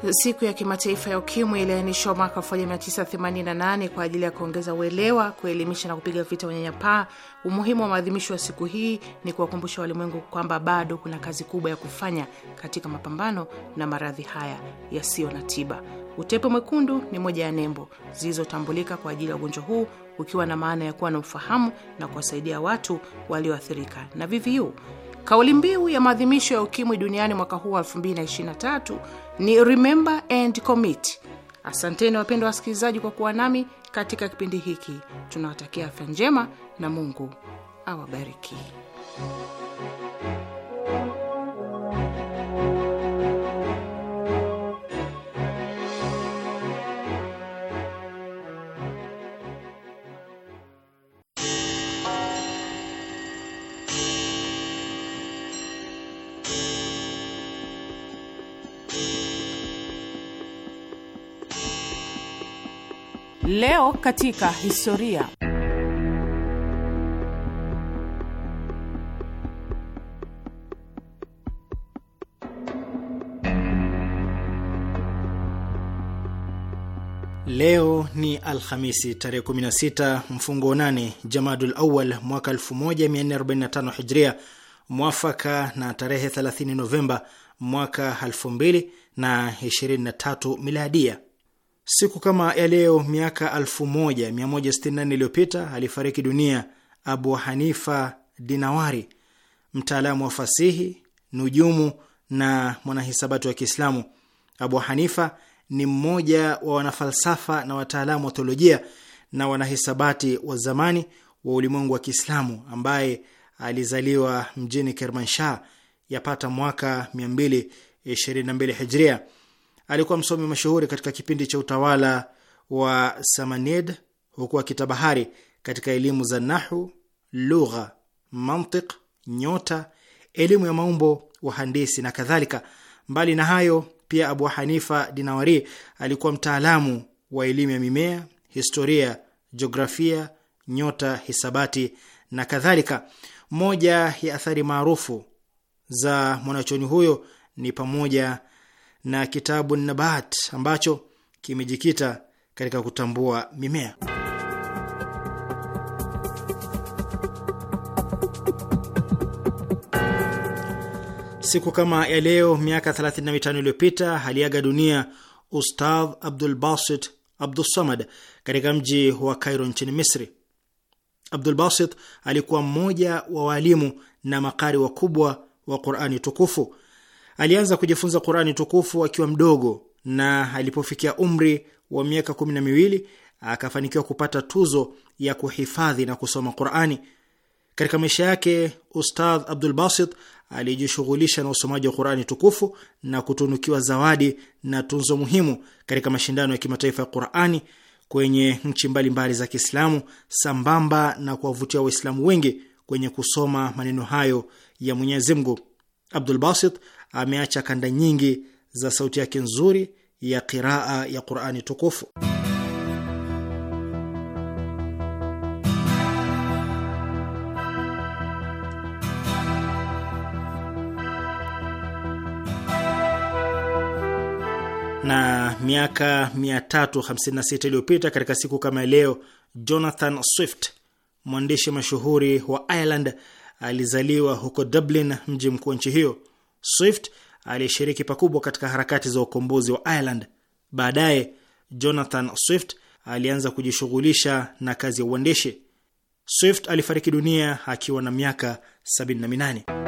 Siku ya kimataifa ya ukimwi iliainishwa mwaka 1988 kwa ajili ya kuongeza uelewa, kuelimisha na kupiga vita unyanyapaa. Umuhimu wa maadhimisho ya siku hii ni kuwakumbusha walimwengu kwamba bado kuna kazi kubwa ya kufanya katika mapambano na maradhi haya yasiyo na tiba. Utepe mwekundu ni moja ya nembo zilizotambulika kwa ajili ya ugonjwa huu, ukiwa na maana ya kuwa na ufahamu na kuwasaidia watu walioathirika na VVU. Kauli mbiu ya maadhimisho ya ukimwi duniani mwaka huu wa 2023 ni remember and commit. Asanteni wapendwa wasikilizaji kwa kuwa nami katika kipindi hiki. Tunawatakia afya njema na Mungu awabariki. Leo katika historia. Leo ni Alhamisi tarehe 16 mfungo 8 Jamadul Awal mwaka 1445 Hijria, mwafaka na tarehe 30 Novemba mwaka 2023 Miladia. Siku kama ya leo miaka 1168 iliyopita alifariki dunia Abu Hanifa Dinawari, mtaalamu wa fasihi, nujumu na mwanahisabati wa Kiislamu. Abu Hanifa ni mmoja wa wanafalsafa na wataalamu wa theolojia na wanahisabati wa zamani wa ulimwengu wa Kiislamu ambaye alizaliwa mjini Kermanshah yapata mwaka 222 Hijria alikuwa msomi mashuhuri katika kipindi cha utawala wa Samanid, huku akitabahari katika elimu za nahu, lugha, mantik, nyota, elimu ya maumbo, uhandisi na kadhalika. Mbali na hayo, pia Abu Hanifa Dinawari alikuwa mtaalamu wa elimu ya mimea, historia, jiografia, nyota, hisabati na kadhalika. Moja ya athari maarufu za mwanachoni huyo ni pamoja na kitabu Nabat ambacho kimejikita katika kutambua mimea. Siku kama ya leo miaka 35 iliyopita aliaga dunia Ustadh Abdul Basit Abdussamad katika mji wa Cairo nchini Misri. Abdul Basit alikuwa mmoja wa waalimu na makari wakubwa wa Qurani tukufu. Alianza kujifunza Qurani tukufu akiwa mdogo na alipofikia umri wa miaka kumi na miwili akafanikiwa kupata tuzo ya kuhifadhi na kusoma Qurani. Katika maisha yake, Ustadh Abdul Basit alijishughulisha na usomaji wa Qurani tukufu na kutunukiwa zawadi na tunzo muhimu katika mashindano ya kimataifa ya Qurani kwenye nchi mbalimbali za Kiislamu, sambamba na kuwavutia Waislamu wengi kwenye kusoma maneno hayo ya Mwenyezi Mungu. Abdul Basit ameacha kanda nyingi za sauti yake nzuri ya qiraa ya Qurani tukufu. Na miaka 356 iliyopita katika siku kama leo, Jonathan Swift, mwandishi mashuhuri wa Ireland, alizaliwa huko Dublin, mji mkuu wa nchi hiyo. Swift aliyeshiriki pakubwa katika harakati za ukombozi wa Ireland. Baadaye Jonathan Swift alianza kujishughulisha na kazi ya uandishi. Swift alifariki dunia akiwa na miaka 78.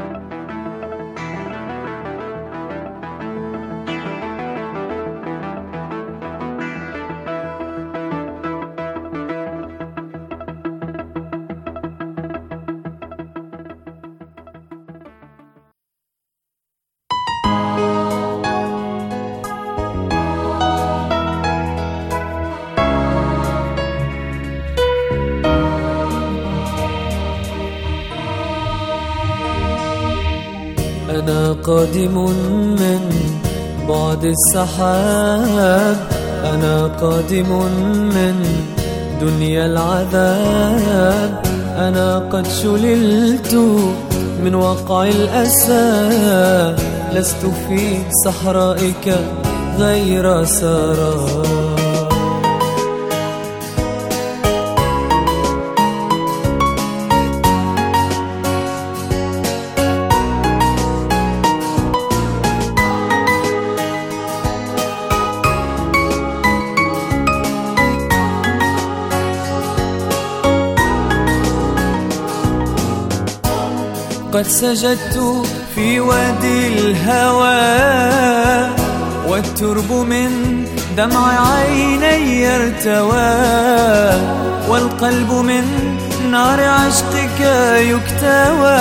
قادم من بعد السحاب أنا قادم من دنيا العذاب أنا قد شللت من وقع الأسى لست في صحرائك غير سراب قد سجدت في وادي الهوى والترب من دمع عيني ارتوى والقلب من نار عشقك يكتوى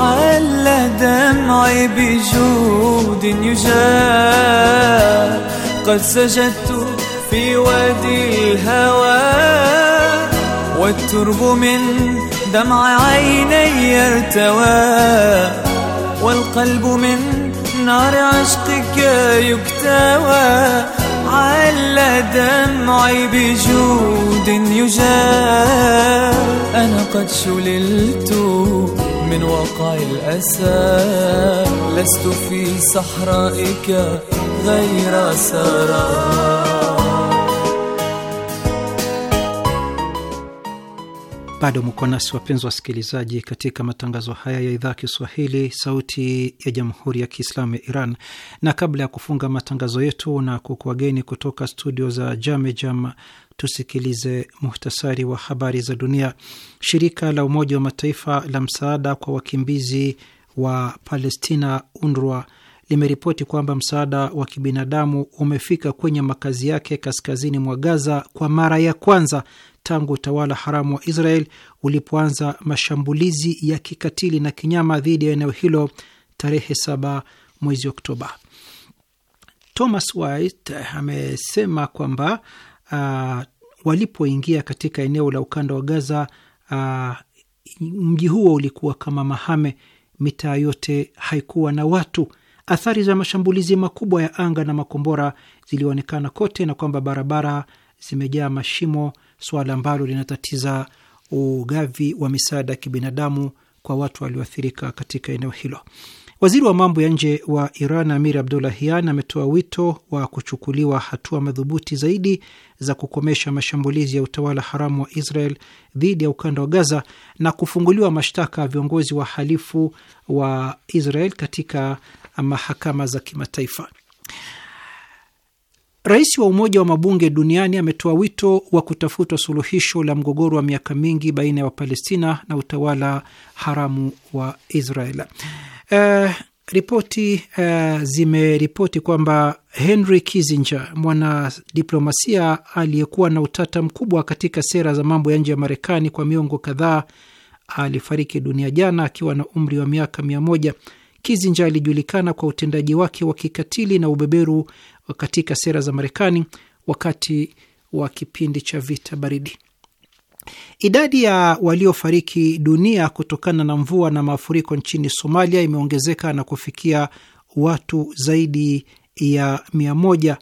على دمعي بجود يجاب قد سجدت في وادي الهوى والترب من دمع عيني ارتوى والقلب من نار عشقك يكتوى على دمعي بجود يجاب أنا قد شللت من وقع الأسى لست في صحرائك غير سراب Bado mko nasi wapenzi wasikilizaji, katika matangazo haya ya idhaa Kiswahili, sauti ya jamhuri ya kiislamu ya Iran. Na kabla ya kufunga matangazo yetu na kukuwageni kutoka studio za Jamejam, tusikilize muhtasari wa habari za dunia. Shirika la Umoja wa Mataifa la msaada kwa wakimbizi wa Palestina, UNRWA, limeripoti kwamba msaada wa kibinadamu umefika kwenye makazi yake kaskazini mwa Gaza kwa mara ya kwanza tangu utawala haramu wa Israel ulipoanza mashambulizi ya kikatili na kinyama dhidi ya eneo hilo tarehe 7 mwezi Oktoba. Thomas White amesema kwamba uh, walipoingia katika eneo la ukanda wa Gaza, uh, mji huo ulikuwa kama mahame, mitaa yote haikuwa na watu. Athari za mashambulizi makubwa ya anga na makombora zilionekana kote, na kwamba barabara zimejaa mashimo suala ambalo linatatiza ugavi wa misaada ya kibinadamu kwa watu walioathirika katika eneo hilo. Waziri wa mambo ya nje wa Iran Amir Abdollahian ametoa wito wa kuchukuliwa hatua madhubuti zaidi za kukomesha mashambulizi ya utawala haramu wa Israel dhidi ya ukanda wa Gaza na kufunguliwa mashtaka ya viongozi wa halifu wa Israel katika mahakama za kimataifa. Rais wa Umoja wa Mabunge Duniani ametoa wito wa kutafuta suluhisho la mgogoro wa miaka mingi baina ya Wapalestina na utawala haramu wa Israel. Uh, ripoti uh, zimeripoti kwamba Henry Kissinger, mwanadiplomasia aliyekuwa na utata mkubwa katika sera za mambo ya nje ya Marekani kwa miongo kadhaa, alifariki dunia jana akiwa na umri wa miaka mia moja. Kissinger alijulikana kwa utendaji wake wa kikatili na ubeberu katika sera za Marekani wakati wa kipindi cha vita baridi. Idadi ya waliofariki dunia kutokana na mvua na mafuriko nchini Somalia imeongezeka na kufikia watu zaidi ya mia moja.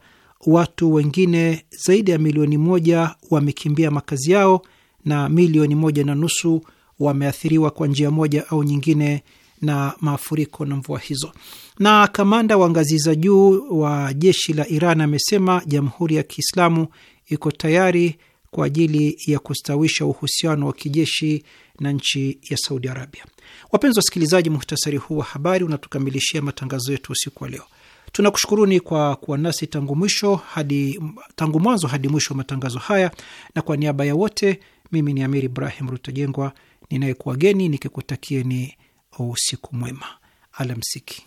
Watu wengine zaidi ya milioni moja wamekimbia makazi yao na milioni moja na nusu wameathiriwa kwa njia moja au nyingine na mafuriko na mvua hizo. Na kamanda wa ngazi za juu wa jeshi la Iran amesema jamhuri ya Kiislamu iko tayari kwa ajili ya kustawisha uhusiano wa kijeshi na nchi ya Saudi Arabia. Wapenzi wasikilizaji, muhtasari huu wa habari unatukamilishia matangazo yetu usiku wa leo. Tunakushukuruni kwa kuwa nasi tangu mwisho hadi tangu mwanzo hadi mwisho wa matangazo haya, na kwa niaba ya wote, mimi ni Amir Ibrahim Rutajengwa ninayekuwageni nikikutakieni usiku mwema. Alamsiki.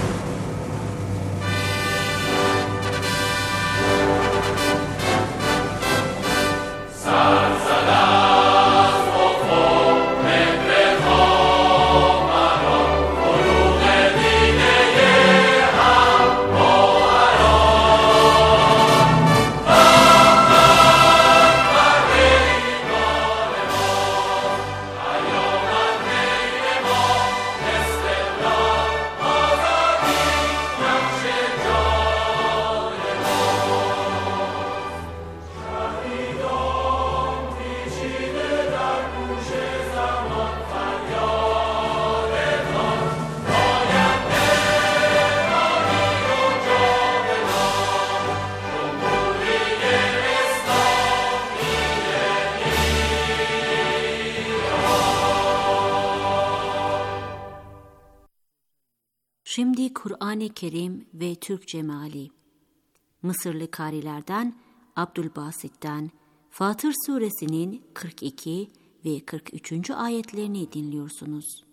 Mısırlı karilerden Abdülbasit'ten Fatır suresinin 42 ve 43. ayetlerini dinliyorsunuz.